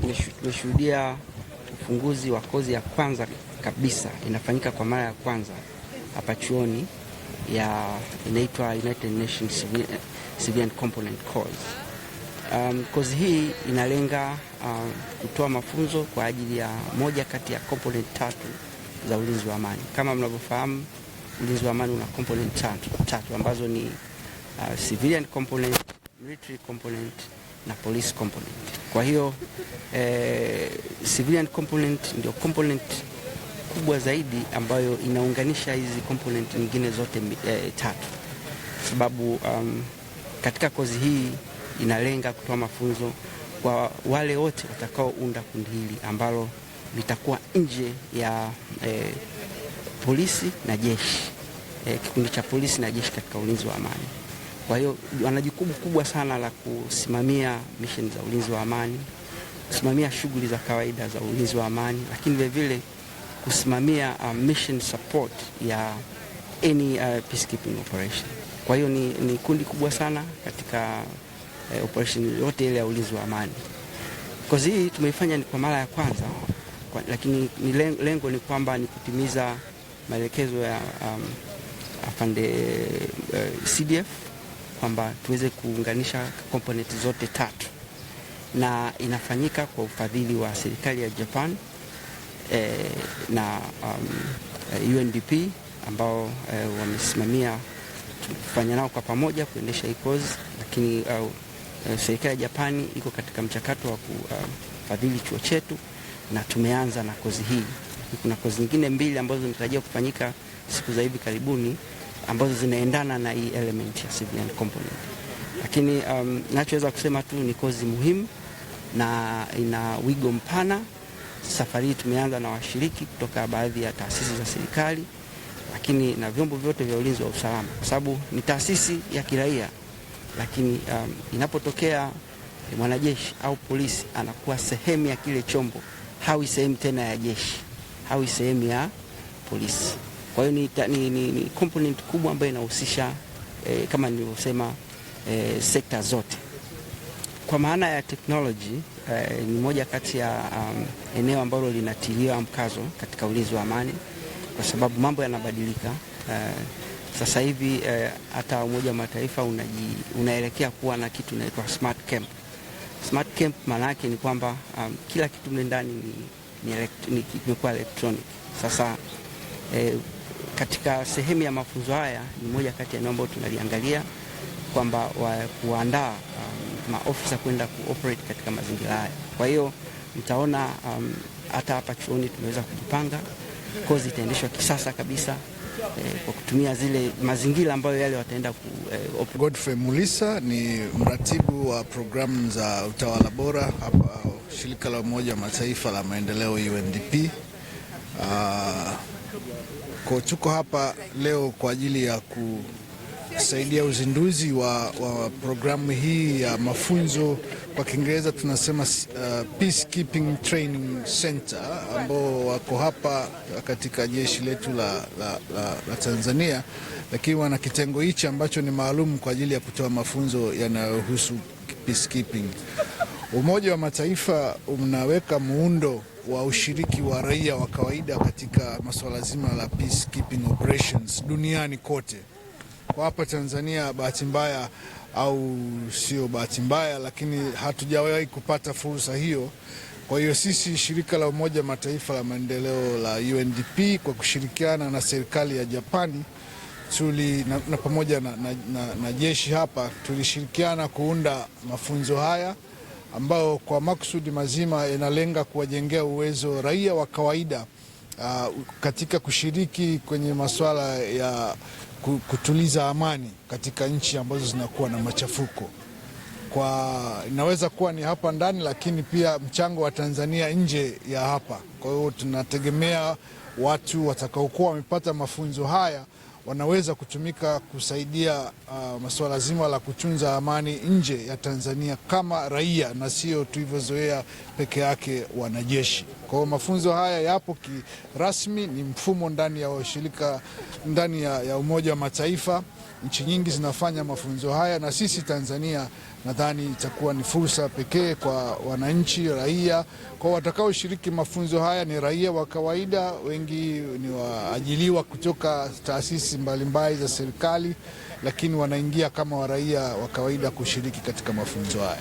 tumeshuhudia ufunguzi wa kozi ya kwanza kabisa inafanyika kwa mara ya kwanza hapa chuoni ya inaitwa United Nations Civilian Component Course. Um, kozi hii inalenga um, kutoa mafunzo kwa ajili ya moja kati ya component tatu za ulinzi wa amani. Kama mnavyofahamu, ulinzi wa amani una component tatu, tatu ambazo ni uh, civilian component, military component na police component. Kwa hiyo eh, civilian component ndio component kubwa zaidi ambayo inaunganisha hizi component nyingine zote eh, tatu, sababu um, katika kozi hii inalenga kutoa mafunzo kwa wale wote watakaounda kundi hili ambalo litakuwa nje ya eh, polisi na jeshi eh, kikundi cha polisi na jeshi katika ulinzi wa amani. Kwa hiyo wana jukumu kubwa sana la kusimamia misheni za ulinzi wa amani, kusimamia shughuli za kawaida za ulinzi wa amani, lakini vilevile kusimamia uh, mission support ya any uh, peacekeeping operation. Kwa hiyo ni, ni kundi kubwa sana katika uh, operation yote ile ya ulinzi wa amani. Kozi hii tumeifanya ni kwa mara ya kwanza kwa, lakini ni lengo ni kwamba ni kutimiza maelekezo ya um, afande uh, CDF kwamba tuweze kuunganisha komponenti zote tatu, na inafanyika kwa ufadhili wa serikali ya Japan eh, na um, eh, UNDP ambao eh, wamesimamia kufanya nao kwa pamoja kuendesha hii kozi, lakini uh, serikali ya Japani iko katika mchakato wa kufadhili eh, uh, chuo chetu na tumeanza na kozi hii. Kuna kozi nyingine mbili ambazo zinatarajia kufanyika siku za hivi karibuni ambazo zinaendana na hii element ya civilian component. Lakini um, nachoweza kusema tu ni kozi muhimu na ina wigo mpana. Safari hii tumeanza na washiriki kutoka baadhi ya taasisi za serikali, lakini na vyombo vyote vya ulinzi wa usalama, kwa sababu ni taasisi ya kiraia, lakini um, inapotokea mwanajeshi au polisi anakuwa sehemu ya kile chombo, hawi sehemu tena ya jeshi, hawi sehemu ya polisi. Kwa hiyo ni, ni, ni, ni component kubwa ambayo inahusisha eh, kama nilivyosema eh, sekta zote kwa maana ya teknoloji eh, ni moja kati ya um, eneo ambalo linatiliwa mkazo katika ulinzi wa amani kwa sababu mambo yanabadilika. Eh, sasa hivi eh, hata Umoja wa Mataifa unaji, unaelekea kuwa na kitu inaitwa smart camp. Smart camp maana yake ni kwamba um, kila kitu mle ndani ni, ni, ni, ni, ni, ni, ni, ni, katika sehemu ya mafunzo haya ni moja kati ya eneo ambayo tunaliangalia kwamba kuandaa um, maofisa kwenda kuoperate katika mazingira haya. Kwa hiyo mtaona um, hata um, hapa chuoni tumeweza kujipanga, kozi itaendeshwa kisasa kabisa eh, kwa kutumia zile mazingira ambayo yale wataenda ku eh, Godfrey Mulisa ni mratibu wa programu za utawala bora hapa shirika la Umoja wa Mataifa la maendeleo UNDP. Uh, ah, kwa tuko hapa leo kwa ajili ya kusaidia uzinduzi wa, wa programu hii ya mafunzo kwa Kiingereza tunasema uh, Peacekeeping Training Center ambao wako hapa katika jeshi letu la, la, la, la Tanzania, lakini wana kitengo hichi ambacho ni maalum kwa ajili ya kutoa mafunzo yanayohusu peacekeeping. Umoja wa Mataifa unaweka muundo wa ushiriki wa raia wa kawaida katika masuala zima la peacekeeping operations duniani kote. Kwa hapa Tanzania, bahati mbaya au sio bahati mbaya, lakini hatujawahi kupata fursa hiyo. Kwa hiyo sisi shirika la Umoja Mataifa la maendeleo la UNDP kwa kushirikiana na serikali ya Japani tuli, na, na pamoja na, na, na, na jeshi hapa tulishirikiana kuunda mafunzo haya ambao kwa maksudi mazima inalenga kuwajengea uwezo raia wa kawaida uh, katika kushiriki kwenye masuala ya kutuliza amani katika nchi ambazo zinakuwa na machafuko kwa inaweza kuwa ni hapa ndani, lakini pia mchango wa Tanzania nje ya hapa. Kwa hiyo tunategemea watu watakaokuwa wamepata mafunzo haya wanaweza kutumika kusaidia uh, masuala zima la kutunza amani nje ya Tanzania kama raia na sio tulivyozoea peke yake wanajeshi. Kwa hiyo mafunzo haya yapo kirasmi, ni mfumo ndani ya washirika ndani ya, ya Umoja wa Mataifa nchi nyingi zinafanya mafunzo haya, na sisi Tanzania nadhani itakuwa ni fursa pekee kwa wananchi raia. Kwa watakaoshiriki mafunzo haya ni raia wa kawaida, wengi ni waajiliwa kutoka taasisi mbalimbali za serikali, lakini wanaingia kama waraia wa kawaida kushiriki katika mafunzo haya.